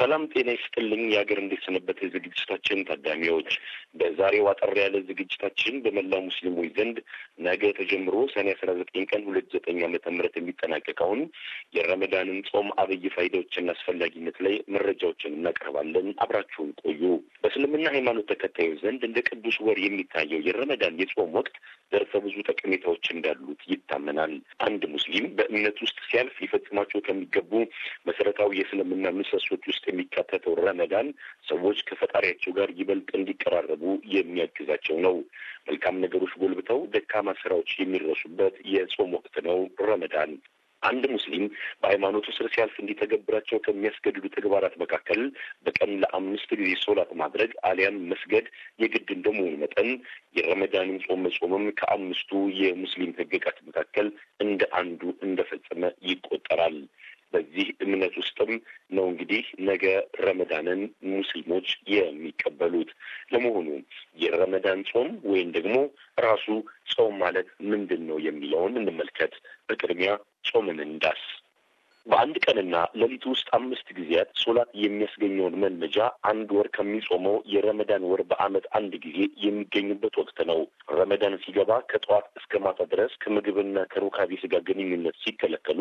ሰላም ጤና ይስጥልኝ። የሀገር እንዴት ሰነበተ ዝግጅታችን ታዳሚዎች፣ በዛሬው አጠር ያለ ዝግጅታችን በመላው ሙስሊሞች ዘንድ ነገ ተጀምሮ ሰኔ አስራ ዘጠኝ ቀን ሁለት ዘጠኝ ዓመተ ምህረት የሚጠናቀቀውን የረመዳንን ጾም አብይ ፋይዳዎችና አስፈላጊነት ላይ መረጃዎችን እናቀርባለን። አብራችሁን ቆዩ። በእስልምና ሃይማኖት ተከታዮች ዘንድ እንደ ቅዱስ ወር የሚታየው የረመዳን የጾም ወቅት ዘርፈ ብዙ ጠቀሜታዎች እንዳሉት ይታመናል። አንድ ሙስሊም በእምነት ውስጥ ሲያልፍ ሊፈጽማቸው ከሚገቡ መሰረታዊ የእስልምና ምሰሶች ውስጥ የሚካተተው ረመዳን ሰዎች ከፈጣሪያቸው ጋር ይበልጥ እንዲቀራረቡ የሚያግዛቸው ነው። መልካም ነገሮች ጎልብተው ደካማ ስራዎች የሚረሱበት የጾም ወቅት ነው ረመዳን። አንድ ሙስሊም በሃይማኖቱ ስር ሲያልፍ እንዲተገብራቸው ከሚያስገድዱ ተግባራት መካከል በቀን ለአምስት ጊዜ ሶላት ማድረግ አሊያም መስገድ የግድ እንደመሆኑ መጠን የረመዳንን ጾም መጾምም ከአምስቱ የሙስሊም ህግጋት መካከል እንደ አንዱ እንደፈጸመ ነገ ረመዳንን ሙስሊሞች የሚቀበሉት። ለመሆኑ የረመዳን ጾም ወይም ደግሞ ራሱ ጾም ማለት ምንድን ነው የሚለውን እንመልከት። በቅድሚያ ጾምን እንዳስ በአንድ ቀንና ሌሊት ውስጥ አምስት ጊዜያት ሶላት የሚያስገኘውን መልመጃ አንድ ወር ከሚጾመው የረመዳን ወር በዓመት አንድ ጊዜ የሚገኙበት ወቅት ነው። ረመዳን ሲገባ ከጠዋት እስከ ማታ ድረስ ከምግብና ከሩካቤ ስጋ ግንኙነት ሲከለከሉ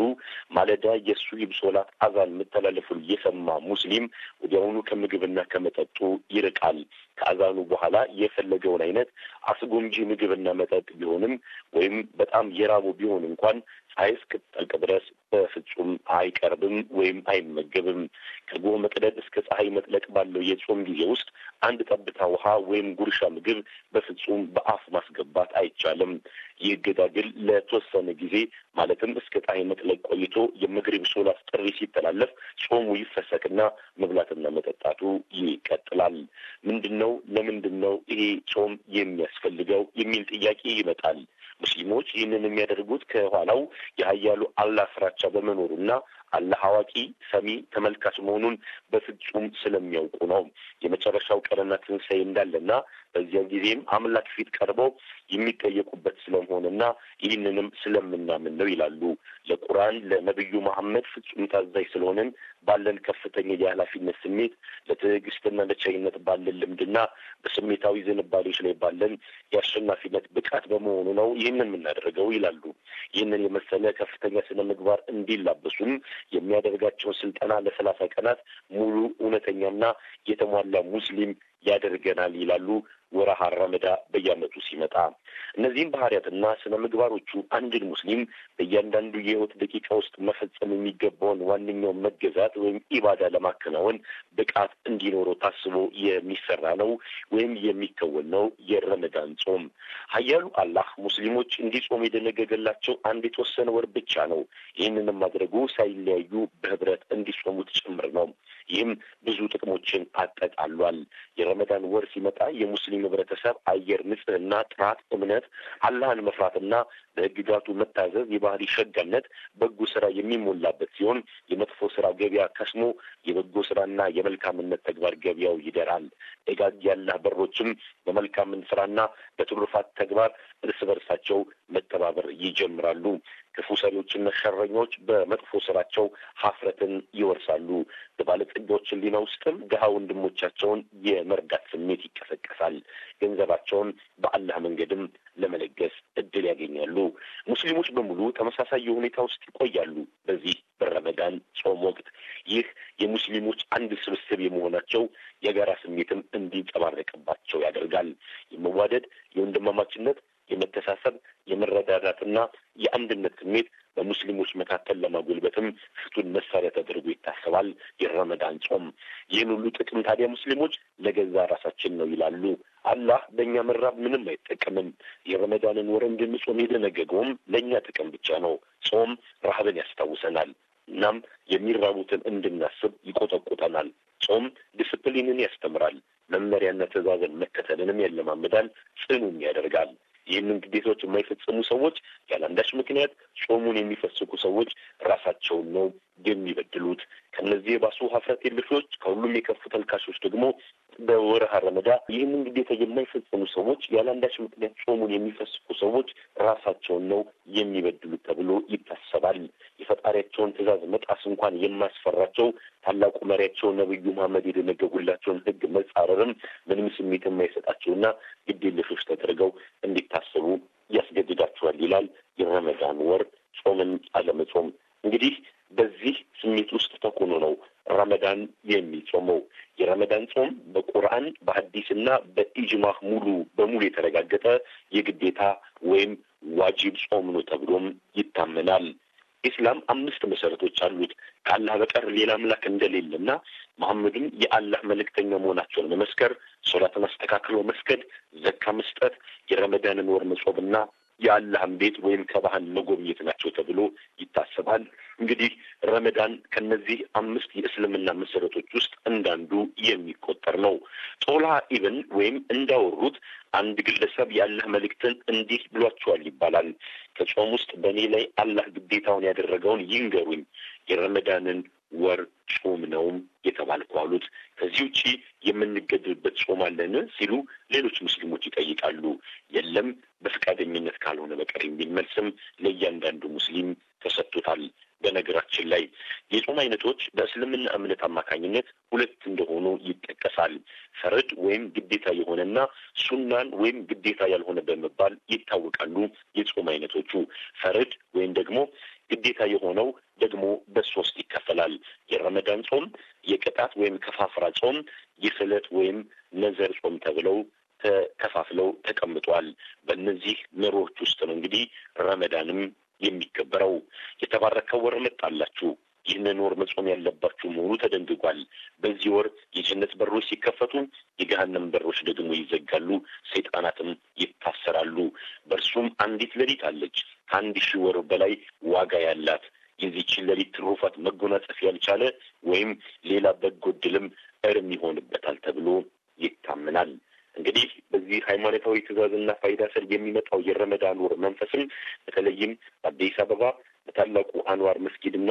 ማለዳ የሱሂብ ሶላት አዛን መተላለፉን የሰማ ሙስሊም ወዲያውኑ ከምግብና ከመጠጡ ይርቃል። ከአዛኑ በኋላ የፈለገውን አይነት አስጎምጂ ምግብና መጠጥ ቢሆንም ወይም በጣም የራቦ ቢሆን እንኳን ፀሐይ እስክትጠልቅ ድረስ በፍጹም አይቀርብም ወይም አይመገብም። ከጎህ መቅደድ እስከ ፀሐይ መጥለቅ ባለው የጾም ጊዜ ውስጥ አንድ ጠብታ ውሃ ወይም ጉርሻ ምግብ በፍጹም በአፍ ማስገባት አይቻልም። ይህ እገዳ ግን ለተወሰነ ጊዜ ማለትም እስከ ፀሐይ መጥለቅ ቆይቶ የመግሪብ ሶላት ጥሪ ሲተላለፍ ጾሙ ይፈሰቅና መብላትና መጠጣቱ ይቀጥላል። ምንድን ነው ለምንድን ነው ይሄ ጾም የሚያስፈልገው የሚል ጥያቄ ይመጣል። ሙስሊሞች ይህንን የሚያደርጉት ከኋላው የሀያሉ አላህ ፍራቻ በመኖሩና አላህ አዋቂ፣ ሰሚ፣ ተመልካች መሆኑን በፍጹም ስለሚያውቁ ነው። የመጨረሻው ቀንና ትንሣኤ እንዳለና በዚያ ጊዜም አምላክ ፊት ቀርበው የሚጠየቁበት ስለመሆንና ይህንንም ስለምናምን ነው ይላሉ። ለቁርአን ለነቢዩ መሐመድ ፍጹም ታዛዥ ስለሆንን ባለን ከፍተኛ የኃላፊነት ስሜት ለትዕግስትና ለቻይነት ባለን ልምድና በስሜታዊ ዝንባሌዎች ላይ ባለን የአሸናፊነት ብቃት በመሆኑ ነው ይህንን የምናደርገው ይላሉ። ይህንን የመሰለ ከፍተኛ ስነ ምግባር እንዲላበሱም የሚያደርጋቸውን ስልጠና ለሰላሳ ቀናት ሙሉ እውነተኛና የተሟላ ሙስሊም ያደርገናል ይላሉ ወረሃ ረመዳ በየአመቱ ሲመጣ። እነዚህም ባህሪያትና ስነ ምግባሮቹ አንድን ሙስሊም በእያንዳንዱ የህይወት ደቂቃ ውስጥ መፈጸም የሚገባውን ዋነኛውን መገዛት ወይም ኢባዳ ለማከናወን ብቃት እንዲኖረው ታስቦ የሚሰራ ነው ወይም የሚከወን ነው የረመዳን ጾም። ሀያሉ አላህ ሙስሊሞች እንዲጾም የደነገገላቸው አንድ የተወሰነ ወር ብቻ ነው። ይህንንም ማድረጉ ሳይለያዩ በህብረት እንዲጾሙት ጭምር ነው። ይህም ብዙ ጥቅሞችን አጠቃሏል። የረመዳን ወር ሲመጣ የሙስሊም ህብረተሰብ አየር፣ ንጽህና፣ ጥራት፣ እምነት፣ አላህን መፍራትና በህግጋቱ መታዘዝ የባህሪ ሸጋነት በጎ ስራ የሚሞላበት ሲሆን የመጥፎ ስራ ገበያ ከስሞ የበጎ ስራና የመልካምነት ተግባር ገበያው ይደራል። ደጋግ ያላህ በሮችም በመልካምን ስራና በትሩፋት ተግባር እርስ በርሳቸው መተባበር ይጀምራሉ። ክፉ ሰሪዎችና ሸረኞች በመጥፎ ስራቸው ሀፍረትን ይወርሳሉ። በባለጸጋዎች ሕሊና ውስጥም ድሀ ወንድሞቻቸውን የመርዳት ስሜት ይቀሰቀሳል። ገንዘባቸውን በአላህ መንገድም ለመለገስ እድል ያገኛሉ። ሙስሊሞች በሙሉ ተመሳሳይ ሁኔታ ውስጥ ይቆያሉ። በዚህ በረመዳን ጾም ወቅት ይህ የሙስሊሞች አንድ ስብስብ የመሆናቸው የጋራ ስሜትም እንዲንጸባረቅባቸው ያደርጋል። የመዋደድ የወንድማማችነት የመተሳሰብ የመረዳዳትና የአንድነት ስሜት በሙስሊሞች መካከል ለማጎልበትም ፍቱን መሳሪያ ተደርጎ ይታሰባል የረመዳን ጾም። ይህን ሁሉ ጥቅም ታዲያ ሙስሊሞች ለገዛ ራሳችን ነው ይላሉ። አላህ በእኛ መራብ ምንም አይጠቀምም። የረመዳንን ወር እንድንጾም የደነገገውም ለእኛ ጥቅም ብቻ ነው። ጾም ረሃብን ያስታውሰናል፣ እናም የሚራቡትን እንድናስብ ይቆጠቁጠናል። ጾም ዲስፕሊንን ያስተምራል፣ መመሪያና ትዕዛዝን መከተልንም ያለማምዳል፣ ጽኑም ያደርጋል። ይህንን ግዴታዎች የማይፈጽሙ ሰዎች ያለ አንዳች ምክንያት ጾሙን የሚፈስኩ ሰዎች ራሳቸውን ነው የሚበድሉት። ከነዚህ የባሱ ሀፍረት የለሾች ከሁሉም የከፉ ተልካሾች ደግሞ በወርሃ ረመዳ ይህንን ግዴታ የማይፈጽሙ ሰዎች፣ ያለአንዳች ምክንያት ጾሙን የሚፈስቁ ሰዎች ራሳቸውን ነው የሚበድሉት ተብሎ ይታሰባል። የፈጣሪያቸውን ትእዛዝ መጣስ እንኳን የማስፈራቸው ታላቁ መሪያቸው ነቢዩ መሐመድ የደነገጉላቸውን ሕግ መጻረርም ምንም ስሜት የማይሰጣቸውና ግዴለሾች ተደርገው እንዲታሰቡ ያስገድዳቸዋል ይላል የረመዳን ወር ጾምን አለመጾም እንግዲህ በዚህ ስሜት ውስጥ ተኩኖ ነው ረመዳን የሚጾመው። የረመዳን ጾም በቁርአን በሐዲስና በኢጅማህ ሙሉ በሙሉ የተረጋገጠ የግዴታ ወይም ዋጅብ ጾም ነው ተብሎም ይታመናል። ኢስላም አምስት መሰረቶች አሉት። ከአላህ በቀር ሌላ አምላክ እንደሌለና መሐመድም የአላህ መልእክተኛ መሆናቸውን መመስከር፣ ሶላትን አስተካክሎ መስገድ፣ ዘካ መስጠት፣ የረመዳንን ወር መጾምና የአላህን ቤት ወይም ከበሃን መጎብኘት ናቸው ተብሎ ይታሰባል። እንግዲህ ረመዳን ከነዚህ አምስት የእስልምና መሰረቶች ውስጥ እንዳንዱ የሚቆጠር ነው። ጦላ ኢብን ወይም እንዳወሩት አንድ ግለሰብ የአላህ መልእክትን እንዲህ ብሏቸዋል ይባላል። ከጾም ውስጥ በእኔ ላይ አላህ ግዴታውን ያደረገውን ይንገሩኝ፣ የረመዳንን ወር ጾም ነውም የተባልኩ አሉት። ከዚህ ውጪ የምንገድልበት ጾም አለን ሲሉ ሌሎች ሙስሊሞች ይጠይቃሉ። የለም በፈቃደኝነት ካልሆነ በቀር የሚል መልስም ለእያንዳንዱ ሙስሊም ተሰጥቶታል። በነገራችን ላይ የጾም አይነቶች በእስልምና እምነት አማካኝነት ሁለት እንደሆኑ ይጠቀሳል። ፈረድ ወይም ግዴታ የሆነና ሱናን ወይም ግዴታ ያልሆነ በመባል ይታወቃሉ። የጾም አይነቶቹ ፈረድ ወይም ደግሞ ግዴታ የሆነው ደግሞ በሶስት ይከፈላል። የረመዳን ጾም፣ የቅጣት ወይም ከፋፍራ ጾም፣ የስለት ወይም ነዘር ጾም ተብለው ተከፋፍለው ተቀምጧል። በእነዚህ መሮች ውስጥ ነው እንግዲህ ረመዳንም የሚከበረው። የተባረከ ወር መጣላችሁ። ይህንን ወር መጾም ያለባችሁ መሆኑ ተደንግጓል። በዚህ ወር የጀነት በሮች ሲከፈቱ፣ የገሃነም በሮች ደግሞ ይዘጋሉ፣ ሰይጣናትም ይታሰራሉ። በእርሱም አንዲት ሌሊት አለች ከአንድ ሺህ ወር በላይ ዋጋ ያላት የዚህችን ሌሊት ትሩፋት መጎናጸፍ ያልቻለ ወይም ሌላ በጎ እርም ይሆንበታል ተብሎ ይታመናል። እንግዲህ በዚህ ሃይማኖታዊ ትእዛዝና ፋይዳ ስር የሚመጣው የረመዳን ወር መንፈስም በተለይም አዲስ አበባ በታላቁ አንዋር መስጊድና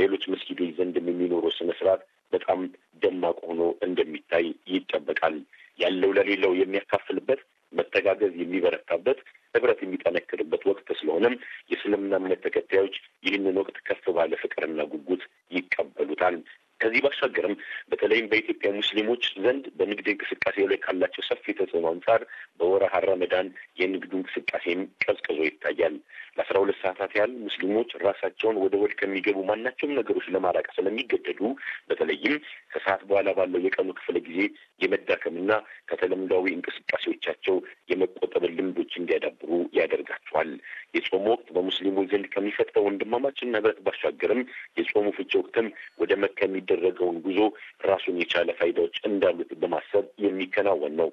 ሌሎች መስጊዶች ዘንድ የሚኖረው ስነ ስርዓት በጣም ደማቅ ሆኖ እንደሚታይ ይጠበቃል። ያለው ለሌለው የሚያካፍልበት፣ መተጋገዝ የሚበረታበት፣ ህብረት የሚጠነክርበት ወቅት ስለሆነም የእስልምና እምነት ተከታዮች ይህንን ወቅት ከፍ ባለ ፍቅርና ጉጉት ይቀበሉታል። ከዚህ ባሻገርም በተለይም በኢትዮጵያ ሙስሊሞች ዘንድ በንግድ እንቅስቃሴ ላይ ካላቸው ሰፊ ተጽዕኖ አንጻር በወርሃ ረመዳን የንግዱ እንቅስቃሴም ቀዝቅዞ ይታያል። ለአስራ ሁለት ሰዓታት ያህል ሙስሊሞች ራሳቸውን ወደ ወድ ከሚገቡ ማናቸውም ነገሮች ለማራቅ ስለሚገደዱ በተለይም ከሰዓት በኋላ ባለው የቀኑ ክፍለ ጊዜ የመዳከምና ከተለምዳዊ እንቅስቃሴዎቻቸው የመቆጠብ ልምዶች እንዲያዳብሩ ያደርጋቸዋል። የጾሙ ወቅት በሙስሊሙ ዘንድ ከሚፈጥረው ወንድማማችን ህብረት ባሻገርም የጾሙ ፍቺ ወቅትም ወደ መካ የሚደረገውን ጉዞ ራሱን የቻለ ፋይዳዎች እንዳሉት በማሰብ የሚከናወን ነው።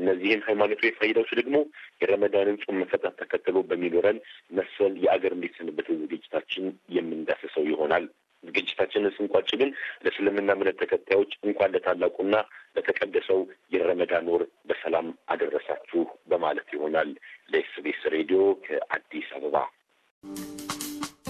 እነዚህን ሃይማኖቱ የፈይደው ደግሞ የረመዳንን ጾም መፈታት ተከትሎ በሚኖረን መሰል የአገር እንዴት ዝግጅታችን የምንዳስሰው ይሆናል። ዝግጅታችንን ስንቋጭ ግን ለእስልምና እምነት ተከታዮች እንኳን ለታላቁና ለተቀደሰው የረመዳን ወር በሰላም አደረሳችሁ በማለት ይሆናል። ለኤስቤስ ሬዲዮ ከአዲስ አበባ